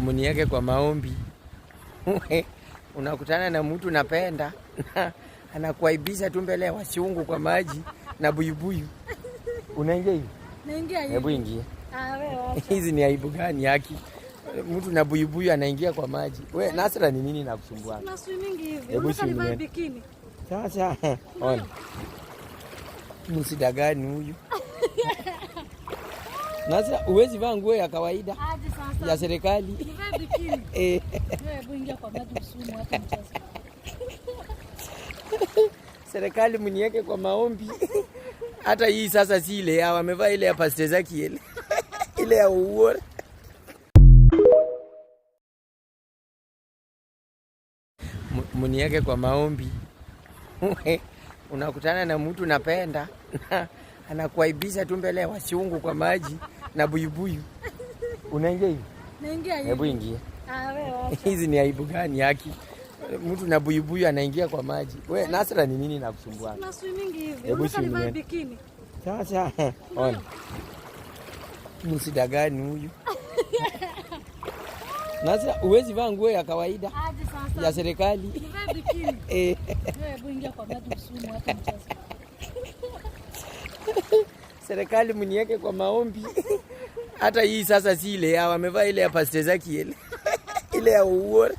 muni kwa maombi unakutana na mtu napenda anakuaibisha tu mbele ya wasiungu kwa maji na buyubuyu unaingia hivi, naingia hivi, hebu ingia. Ah, Hizi ni aibu gani yaki Mtu na buyubuyu anaingia kwa maji. We Nasra, ni nini nakusumbua? Sasa ona Msidagani huyu? Nasa huwezi vaa nguo ya kawaida ya serikali. Eh. Serikali mniweke kwa maombi. Hata hii sasa si ile ya wamevaa ile ya Pastor Ezekiel. Ile ya uora. Mniweke kwa maombi. Unakutana na mtu napenda anakuaibisha tu mbele ya wasiungu kwa maji na buyubuyu. Unaingia hivi? Naingia hivi. Hebu ingia. Ah, wewe wacha. Hizi ni aibu gani haki? Mtu na buyubuyu anaingia kwa maji. Wewe Nasra, ni nini nakusumbua? Na swimming hivi. Hebu swimming. Bikini. Sasa ona. Msida gani huyu? Nasra, uwezi vaa nguo ya kawaida ya serikali Eh. Wewe kwa maji serikali mniweke kwa maombi. Hata hii sasa si ile ya amevaa ile ya Pastor zake ile ya Uhuru